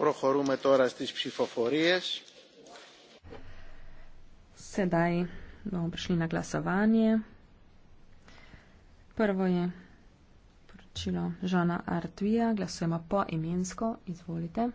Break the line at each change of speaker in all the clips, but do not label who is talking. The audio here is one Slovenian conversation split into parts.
Sedaj
bomo prišli na glasovanje. Prvo je poročilo Žana Artvija. Glasujemo po imensko. Izvolite.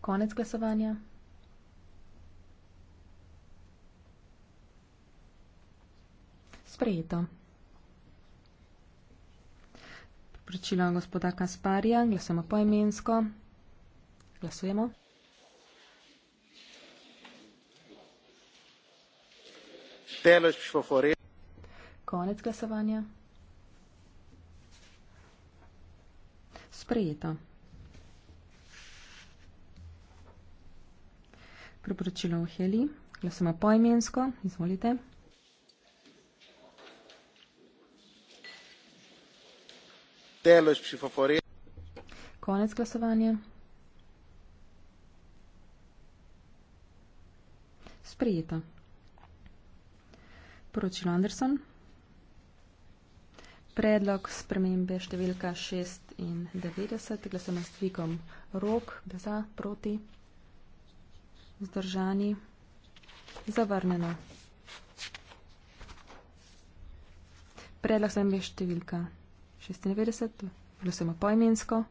Konec glasovanja. Sprejeto. sporočilo gospoda Kasparja, glasujemo poemensko. Glasujemo. Konec glasovanja. Sprejeto. Priporočilo v Heli. Glasujemo poemensko. Izvolite. Konec glasovanja. Sprejeta. Poročilo Anderson. Predlog spremembe številka 96, glasujemo s tvikom rok, za, proti, zdržani, zavrnjeno. Predlog spremembe številka 96. 96, bilo se ima poimensko,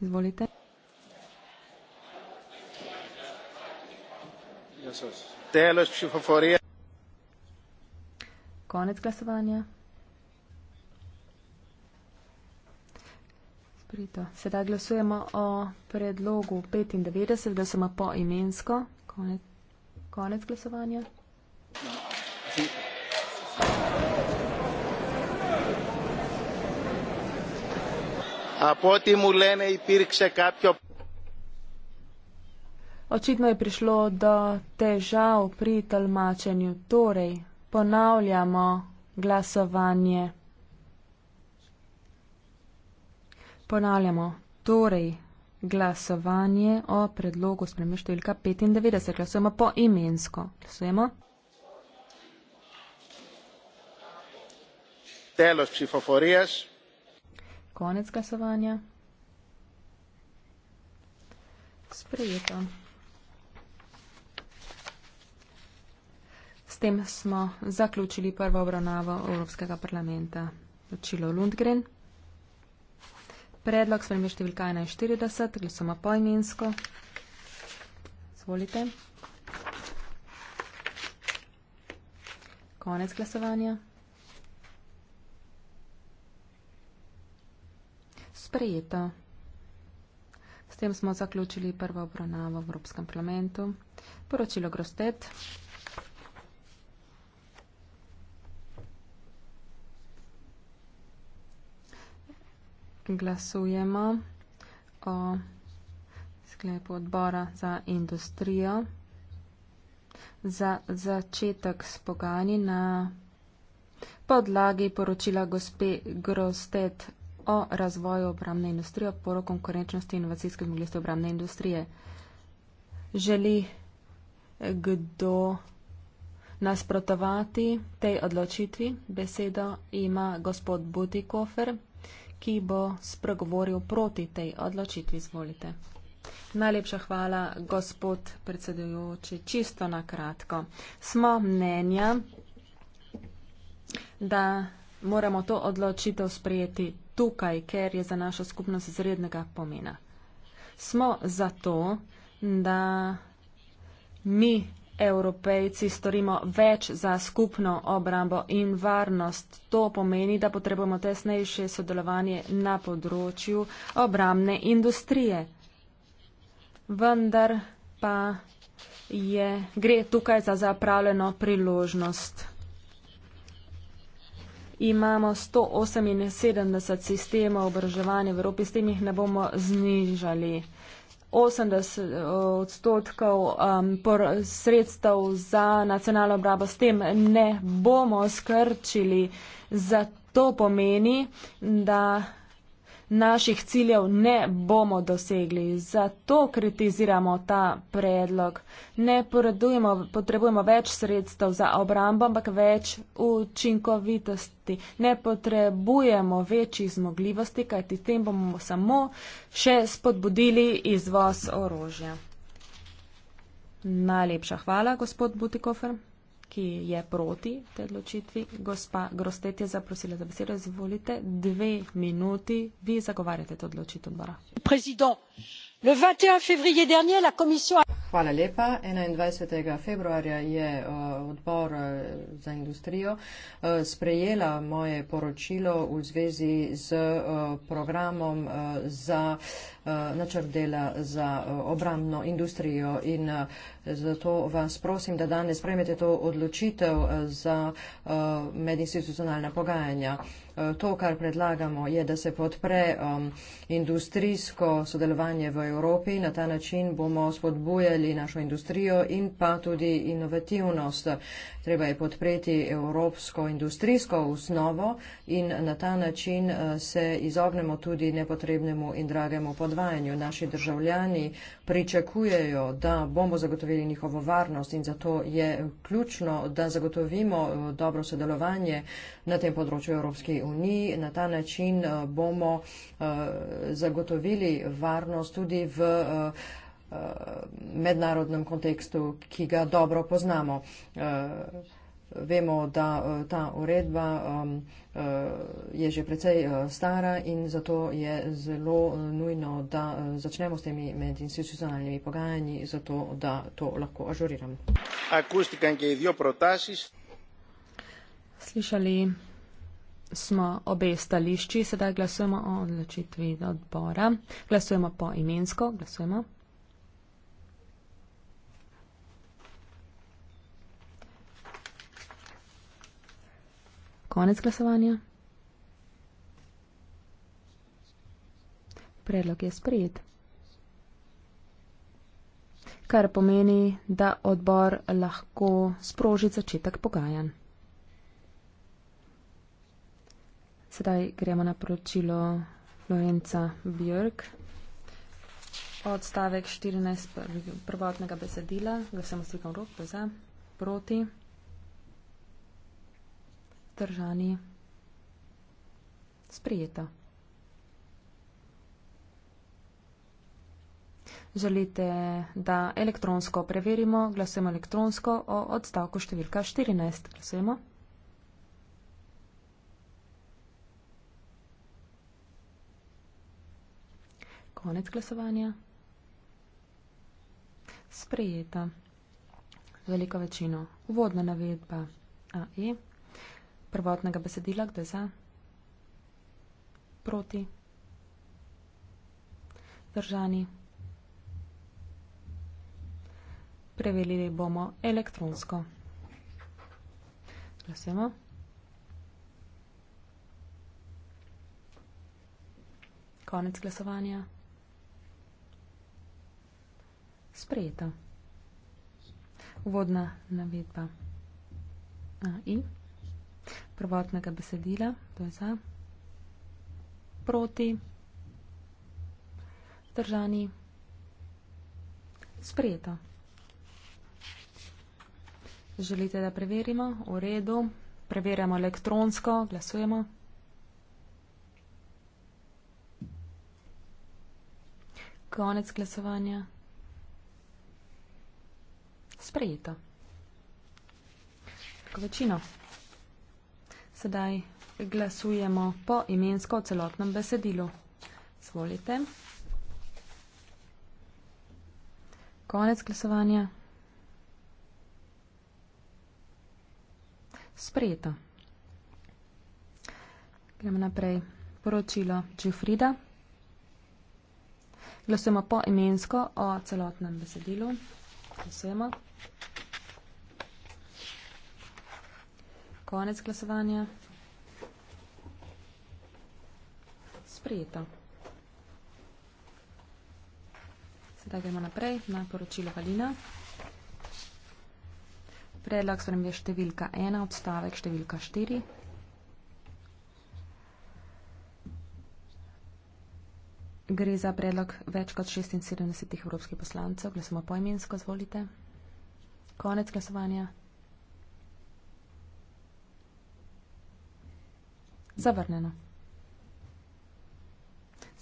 izvolite. Konec glasovanja. Sprito. Sedaj glasujemo o predlogu 95, da se ima poimensko. Konec, konec glasovanja.
Από ό,τι μου λένε υπήρξε κάποιο...
Očitno je prišlo do težav pri tolmačenju. Torej, ponavljamo glasovanje. Ponavljamo. Torej, glasovanje o predlogu spremlja številka 95. Glasujemo po imensko. Glasujemo.
Telos psihoforijas.
Konec glasovanja. Sprejeto. S tem smo zaključili prvo obravnavo Evropskega parlamenta. Očilo Lundgren. Predlog spremembe številka 41, glasoma poimensko. Zvolite. Konec glasovanja. sprejeto. S tem smo zaključili prvo obravnavo v Evropskem parlamentu. Poročilo Grostet. Glasujemo o sklepu odbora za industrijo za začetek spogani na podlagi poročila gospe Grostet o razvoju obramne industrije, oporo konkurenčnosti in invacijske zmogljivosti obramne industrije. Želi eh, kdo nasprotovati tej odločitvi? Besedo ima gospod Butikofer, ki bo spregovoril proti tej odločitvi. Izvolite. Najlepša hvala, gospod predsedujoči. Čisto na kratko. Smo mnenja, da moramo to odločitev sprejeti tukaj, ker je za našo skupnost izrednega pomena. Smo zato, da mi, evropejci, storimo več za skupno obrambo in varnost. To pomeni, da potrebujemo tesnejše sodelovanje na področju obramne industrije. Vendar pa je, gre tukaj za zapravljeno priložnost imamo 178 sistemov obraževanja v Evropi, s tem jih ne bomo znižali. 80 eh, odstotkov um, sredstev za nacionalno obrabo s tem ne bomo skrčili. Zato pomeni, da naših ciljev ne bomo dosegli. Zato kritiziramo ta predlog. Ne potrebujemo več sredstev za obrambo, ampak več učinkovitosti. Ne potrebujemo večjih zmogljivosti, kajti tem bomo samo še spodbudili izvoz orožja. Najlepša hvala, gospod Butikofer ki je proti te odločitvi. Gospa Grostet je zaprosila za besedo. Izvolite dve minuti. Vi zagovarjate to odločitev odbora.
Hvala lepa. 21. februarja je eh, odbor eh, za industrijo eh, sprejela moje poročilo v zvezi z programom za načrt dela za obramno industrijo in zato vas prosim, da danes spremete to odločitev za medinstitucionalna pogajanja. To, kar predlagamo, je, da se podpre um, industrijsko sodelovanje v Evropi. Na ta način bomo spodbujali našo industrijo in pa tudi inovativnost. Treba je podpreti evropsko industrijsko osnovo in na ta način uh, se izognemo tudi nepotrebnemu in dragemu podvajanju. Naši državljani pričakujejo, da bomo zagotovili njihovo varnost in zato je ključno, da zagotovimo uh, dobro sodelovanje na tem področju Evropske unije uniji. Na ta način eh, bomo eh, zagotovili varnost tudi v eh, mednarodnem kontekstu, ki ga dobro poznamo. Vemo, da ta uredba um, je že precej stara in zato je zelo nujno, da začnemo s temi medinstitucionalnimi pogajanji, zato da to lahko ažuriramo.
Slišali smo obe stališči, sedaj glasujemo o odločitvi odbora. Glasujemo po imensko, glasujemo. Konec glasovanja. Predlog je sprejet. Kar pomeni, da odbor lahko sproži začetek pogajanj. Sedaj gremo na poročilo Lorenca Björk. Odstavek 14 prvotnega besedila, ga sem slikal rok, to za, proti, držani, sprijeta. Želite, da elektronsko preverimo, glasujemo elektronsko o odstavku številka 14. Glasujemo. Konec glasovanja. Sprejeta. Veliko večino. Uvodna navedba AE. Prvotnega besedila, kdo je za? Proti. Držani. Prevelili bomo elektronsko. Glasujemo. Konec glasovanja. sprejeta. Uvodna navedba A, I, prvotnega besedila, to je za, proti, držani, sprejeta. Želite, da preverimo? V redu. Preverjamo elektronsko, glasujemo. Konec glasovanja. Sprejeto. Večino. Sedaj glasujemo po imensko o celotnem besedilu. Svolite. Konec glasovanja. Sprejeto. Gremo naprej. Poročilo Čufrida. Glasujemo po imensko o celotnem besedilu. Glasujemo. Konec glasovanja. Sprejeto. Sedaj gremo naprej na poročilo Valina. Predlog sprem je številka 1, odstavek številka 4. Gre za predlog več kot 76 evropskih poslancev. Glasamo pojmensko, zvolite. Konec glasovanja. Zavrnjeno.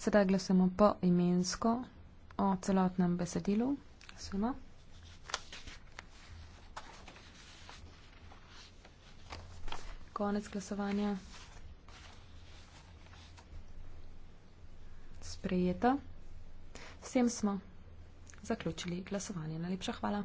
Sedaj glasujemo po imensko o celotnem besedilu. Glasujemo. Konec glasovanja. Sprejeto. S tem smo zaključili glasovanje. Najlepša hvala.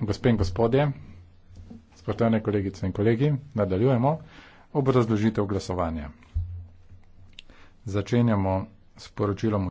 Gospe in gospodje,
spoštovane kolegice in kolegi, nadaljujemo obrazložitev glasovanja. Začenjamo s poročilom.